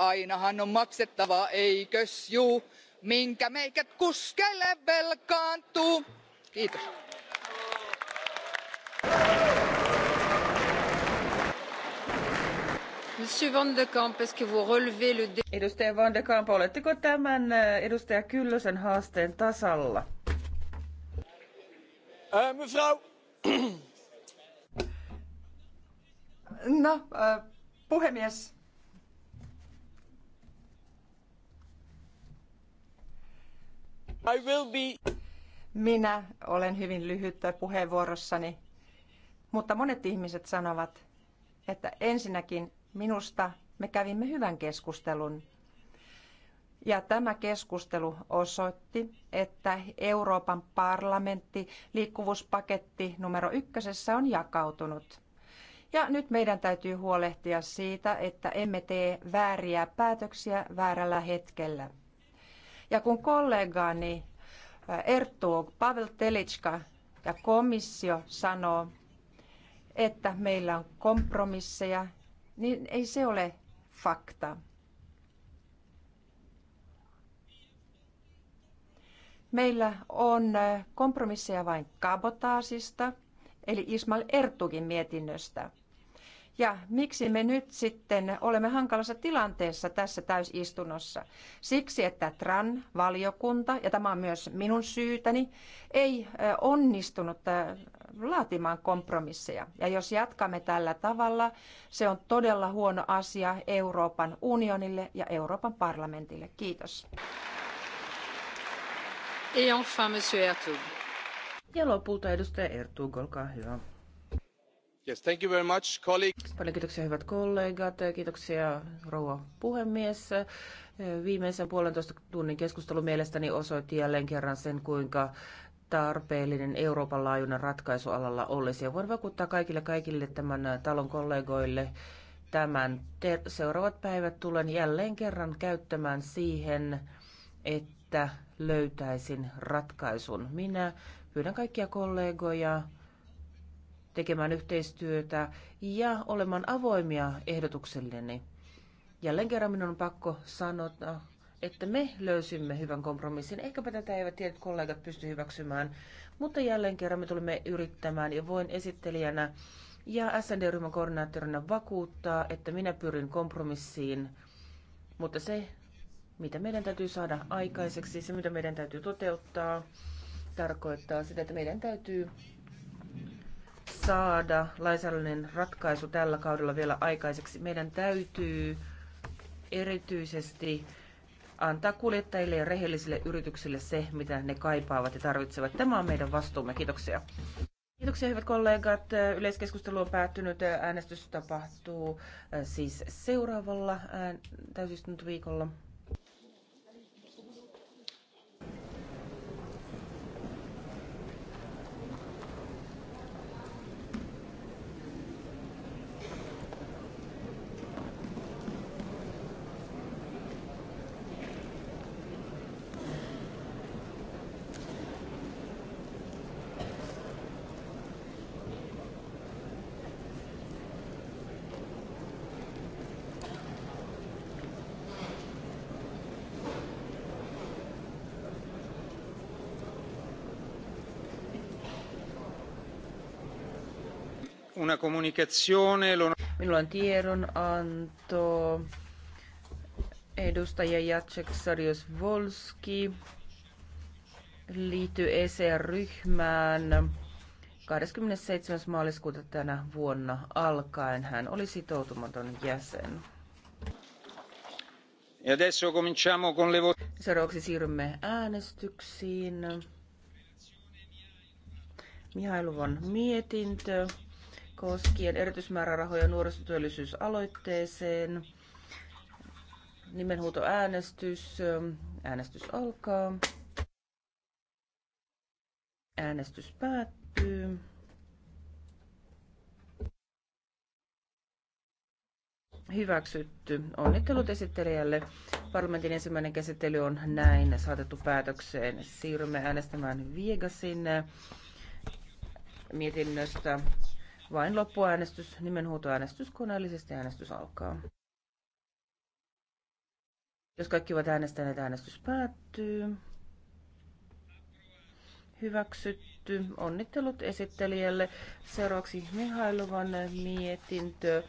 ainahan on maksettava eikös juu minkä meikät kuskeille velkaantuu. Kiitos. Edustaja Van de Kamp, oletteko tämän edustaja Kyllösen haasteen tasalla? mevrouw. No, äh, puhemies, Minä olen hyvin lyhyt puheenvuorossani, mutta monet ihmiset sanovat, että ensinnäkin minusta me kävimme hyvän keskustelun. Ja tämä keskustelu osoitti, että Euroopan parlamentti liikkuvuuspaketti numero ykkösessä on jakautunut. Ja nyt meidän täytyy huolehtia siitä, että emme tee vääriä päätöksiä väärällä hetkellä. Ja kun kollegani äh, Erttu Pavel Telitska ja komissio sanoo, että meillä on kompromisseja, niin ei se ole fakta. Meillä on äh, kompromisseja vain kabotaasista, eli Ismail Ertugin mietinnöstä. Ja miksi me nyt sitten olemme hankalassa tilanteessa tässä täysistunnossa? Siksi, että TRAN-valiokunta, ja tämä on myös minun syytäni, ei onnistunut laatimaan kompromisseja. Ja jos jatkamme tällä tavalla, se on todella huono asia Euroopan unionille ja Euroopan parlamentille. Kiitos. Ja lopulta edustaja Ertug, olkaa hyvä. Yes, thank you very much, colleagues. Paljon kiitoksia hyvät kollegat, kiitoksia rouva puhemies. Viimeisen puolentoista tunnin keskustelu mielestäni osoitti jälleen kerran sen, kuinka tarpeellinen Euroopan laajuinen ratkaisu alalla olisi. Ja voin vakuuttaa kaikille kaikille tämän talon kollegoille tämän. Te- seuraavat päivät tulen jälleen kerran käyttämään siihen, että löytäisin ratkaisun. Minä pyydän kaikkia kollegoja tekemään yhteistyötä ja olemaan avoimia ehdotukselleni. Jälleen kerran minun on pakko sanoa, että me löysimme hyvän kompromissin. Ehkäpä tätä eivät tietyt kollegat pysty hyväksymään, mutta jälleen kerran me tulemme yrittämään ja voin esittelijänä ja SND-ryhmän koordinaattorina vakuuttaa, että minä pyrin kompromissiin, mutta se, mitä meidän täytyy saada aikaiseksi, se, mitä meidän täytyy toteuttaa, tarkoittaa sitä, että meidän täytyy saada lainsäädännöllinen ratkaisu tällä kaudella vielä aikaiseksi. Meidän täytyy erityisesti antaa kuljettajille ja rehellisille yrityksille se, mitä ne kaipaavat ja tarvitsevat. Tämä on meidän vastuumme. Kiitoksia. Kiitoksia hyvät kollegat. Yleiskeskustelu on päättynyt. Äänestys tapahtuu äh, siis seuraavalla äh, täysistuntoviikolla. una comunicazione. Minulla on tiedonanto. Edustaja Jacek Sarius Volski liittyy ECR-ryhmään 27. maaliskuuta tänä vuonna alkaen. Hän oli sitoutumaton jäsen. Ja e adesso cominciamo con le Seuraavaksi siirrymme äänestyksiin. Mihailuvan mietintö koskien erityismäärärahoja nuorisotyöllisyysaloitteeseen. Nimenhuutoäänestys. Äänestys alkaa. Äänestys päättyy. Hyväksytty. Onnittelut esittelijälle. Parlamentin ensimmäinen käsittely on näin saatettu päätökseen. Siirrymme äänestämään Viegasin mietinnöstä vain loppuäänestys, nimenhuutoäänestys, koneellisesti äänestys alkaa. Jos kaikki ovat äänestäneet, äänestys päättyy. Hyväksytty. Onnittelut esittelijälle. Seuraavaksi Mihailovan mietintö.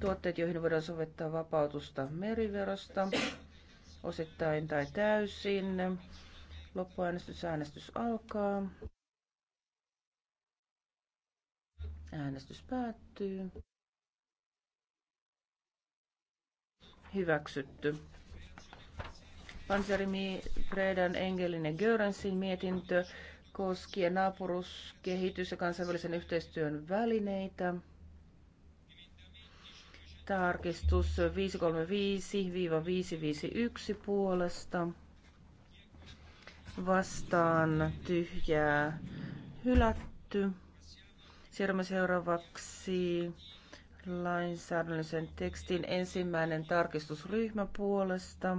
Tuotteet, joihin voidaan sovittaa vapautusta meriverosta osittain tai täysin. Loppuäänestys äänestys alkaa. Äänestys päättyy. Hyväksytty. Panzerimi Predan Engelinen Görensin mietintö koskien naapuruskehitys- kehitys- ja kansainvälisen yhteistyön välineitä. Tarkistus 535-551 puolesta. Vastaan tyhjää hylätty. Siirrymme seuraavaksi lainsäädännöllisen tekstin ensimmäinen tarkistusryhmä puolesta.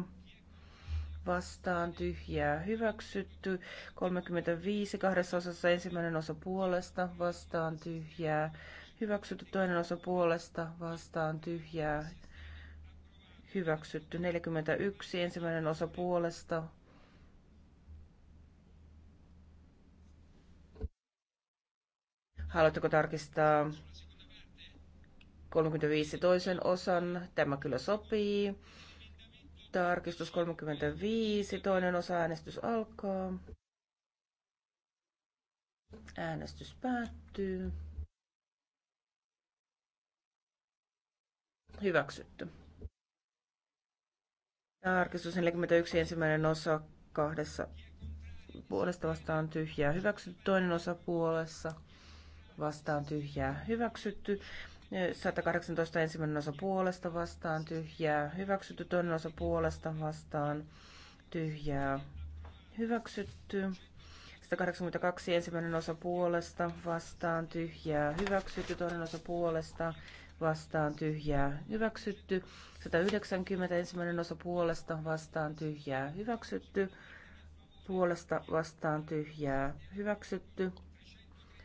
Vastaan tyhjää hyväksytty. 35 kahdessa osassa ensimmäinen osa puolesta. Vastaan tyhjää hyväksytty. Toinen osa puolesta. Vastaan tyhjää hyväksytty. 41 ensimmäinen osa puolesta. Haluatteko tarkistaa 35 toisen osan? Tämä kyllä sopii. Tarkistus 35, toinen osa äänestys alkaa. Äänestys päättyy. Hyväksytty. Tarkistus 41 ensimmäinen osa kahdessa puolesta vastaan tyhjää. Hyväksytty toinen osa puolessa vastaan tyhjää hyväksytty. 118 ensimmäinen osa puolesta vastaan tyhjää hyväksytty, toinen osa puolesta vastaan tyhjää hyväksytty. 182 ensimmäinen osa puolesta vastaan tyhjää hyväksytty, toinen osa puolesta vastaan tyhjää hyväksytty. 190 ensimmäinen osa puolesta vastaan tyhjää hyväksytty, puolesta vastaan tyhjää hyväksytty.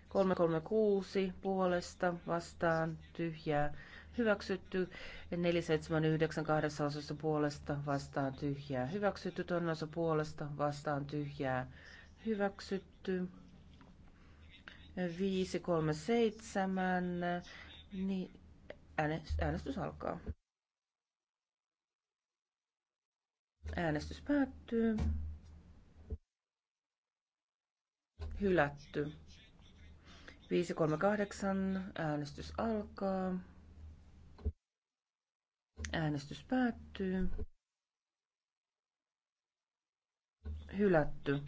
336 puolesta vastaan tyhjää hyväksytty. 479 kahdessa osassa puolesta vastaan tyhjää hyväksytty. Toinen osa puolesta vastaan tyhjää hyväksytty. 537. Niin äänestys alkaa. Äänestys päättyy. Hylätty. 538. Äänestys alkaa. Äänestys päättyy. Hylätty.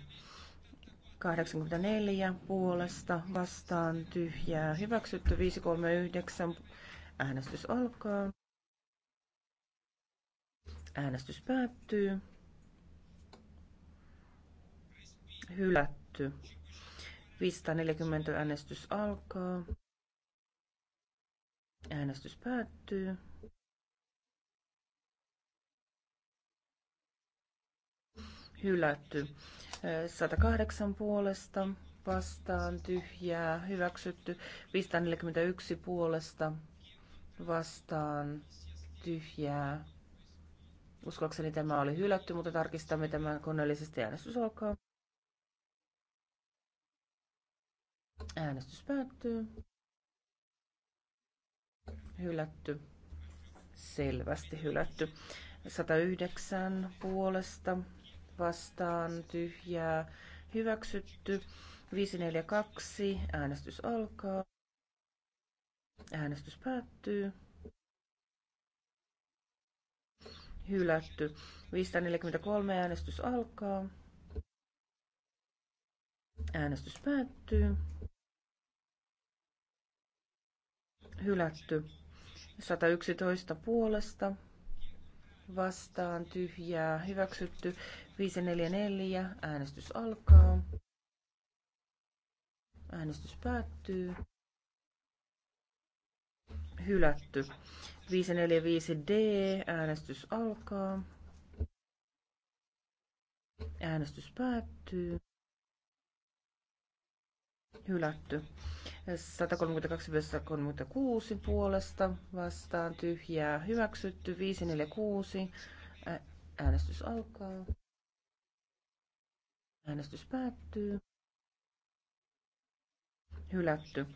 84 puolesta vastaan tyhjää. Hyväksytty 539. Äänestys alkaa. Äänestys päättyy. Hylätty. 540 äänestys alkaa. Äänestys päättyy. Hylätty. 108 puolesta vastaan tyhjää. Hyväksytty. 541 puolesta vastaan tyhjää. Uskoakseni tämä oli hylätty, mutta tarkistamme tämän koneellisesti. Äänestys alkaa. Äänestys päättyy. Hylätty. Selvästi hylätty. 109 puolesta vastaan tyhjää. Hyväksytty. 542. Äänestys alkaa. Äänestys päättyy. Hylätty. 543 äänestys alkaa. Äänestys päättyy. hylätty. 111 puolesta vastaan tyhjää hyväksytty. 544 äänestys alkaa. Äänestys päättyy. Hylätty. 545D äänestys alkaa. Äänestys päättyy. Hylätty. 132-136 puolesta vastaan tyhjää hyväksytty. 546 äänestys alkaa. Äänestys päättyy. Hylätty.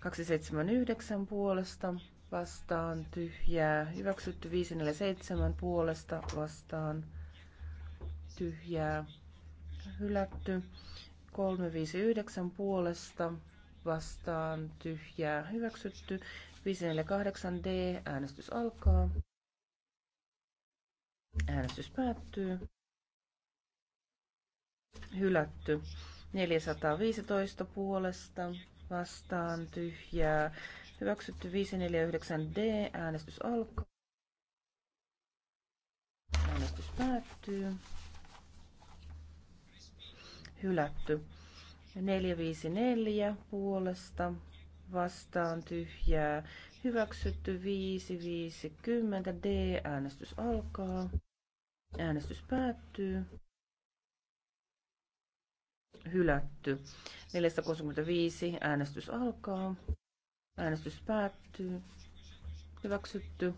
279 puolesta vastaan tyhjää. Hyväksytty 547 puolesta vastaan tyhjää. Hylätty. 359 puolesta vastaan tyhjää hyväksytty. 548D äänestys alkaa. Äänestys päättyy. Hylätty. 415 puolesta vastaan tyhjää. Hyväksytty 549D. Äänestys alkaa. Äänestys päättyy. Hylätty. 454 puolesta vastaan tyhjää. Hyväksytty 550 D. Äänestys alkaa. Äänestys päättyy. Hylätty. 435. Äänestys alkaa. Äänestys päättyy. Hyväksytty.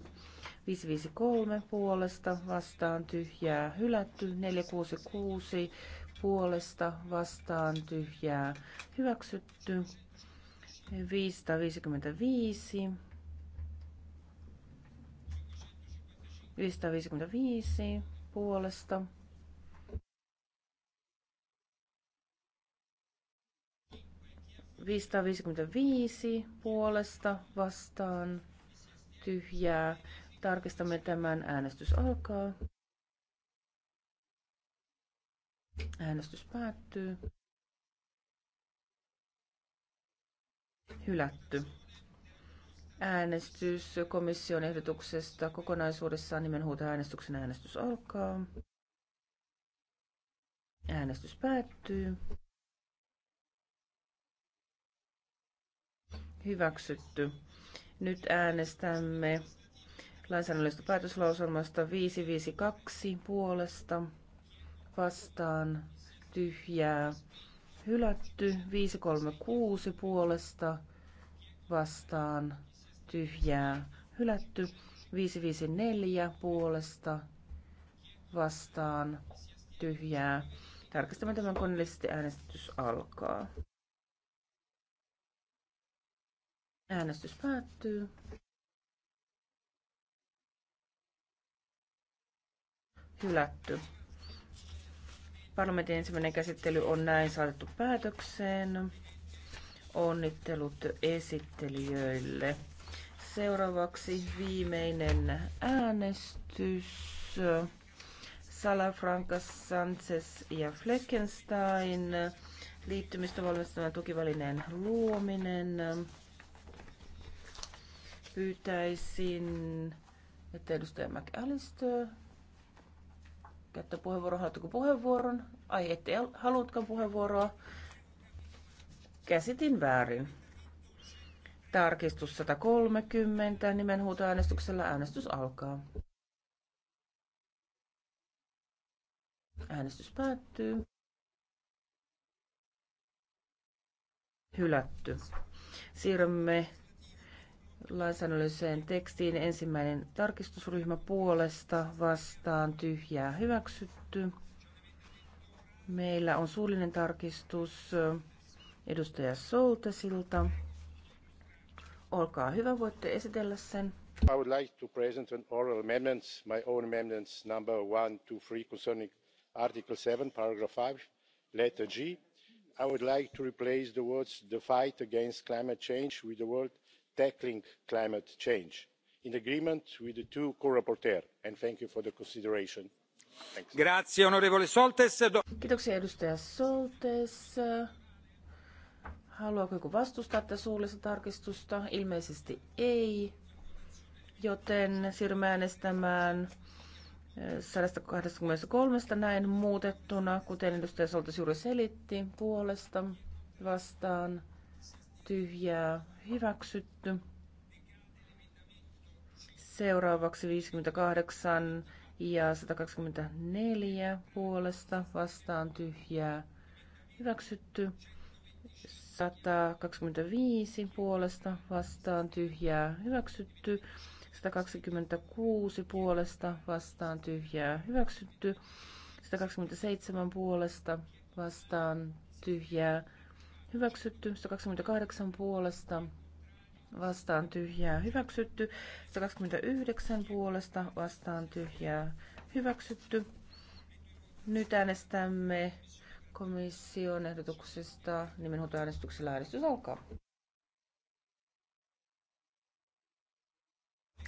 553 puolesta vastaan tyhjää hylätty. 466 puolesta vastaan tyhjää hyväksytty. 555. 555 puolesta. viisi puolesta vastaan tyhjää. Tarkistamme tämän. Äänestys alkaa. Äänestys päättyy. Hylätty. Äänestys komission ehdotuksesta kokonaisuudessaan äänestyksen äänestys alkaa. Äänestys päättyy. Hyväksytty. Nyt äänestämme lainsäädännöllisestä päätöslauselmasta 552 puolesta vastaan tyhjää hylätty. 536 puolesta vastaan tyhjää hylätty. 554 puolesta vastaan tyhjää. Tarkistamme tämän koneellisesti äänestys alkaa. Äänestys päättyy. Hylätty. Parlamentin ensimmäinen käsittely on näin saatettu päätökseen. Onnittelut esittelijöille. Seuraavaksi viimeinen äänestys. Salafranca, Sanchez ja Fleckenstein. Liittymistä valmistavan tukivälineen luominen. Pyytäisin, että edustaja McAllister käyttää puheenvuoron. haluatko puheenvuoron? Ai, ette halutko puheenvuoroa. Käsitin väärin. Tarkistus 130. Nimenhuutoäänestyksellä äänestys alkaa. Äänestys päättyy. Hylätty. Siirrymme lainsäädännölliseen tekstiin. Ensimmäinen tarkistusryhmä puolesta vastaan tyhjää hyväksytty. Meillä on suullinen tarkistus edustaja Soltesilta. Olkaa hyvä, voitte esitellä sen. I would like to present an oral amendments, my own amendments number one, two, three concerning Article 7, paragraph 5, letter G. I would like to replace the words the fight against climate change with the word tackling climate change in agreement with the two co rapporteurs and thank you for the consideration. Kiitoksia edustaja Soltes. Haluaako joku vastustaa tätä suullista tarkistusta? Ilmeisesti ei, joten siirrymme äänestämään 123 eh, näin muutettuna, kuten edustaja Soltes juuri selitti, puolesta vastaan tyhjää hyväksytty. Seuraavaksi 58 ja 124 puolesta vastaan tyhjää hyväksytty. 125 puolesta vastaan tyhjää hyväksytty. 126 puolesta vastaan tyhjää hyväksytty. 127 puolesta vastaan tyhjää hyväksytty, 128 puolesta vastaan tyhjää hyväksytty, 129 puolesta vastaan tyhjää hyväksytty. Nyt äänestämme komission ehdotuksesta nimenhuutoäänestyksellä äänestys alkaa.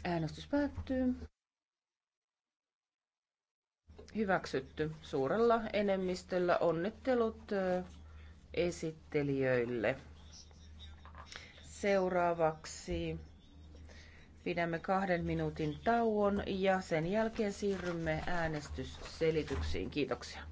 Äänestys päättyy. Hyväksytty suurella enemmistöllä. Onnittelut äh, esittelijöille. Seuraavaksi pidämme kahden minuutin tauon ja sen jälkeen siirrymme äänestysselityksiin. Kiitoksia.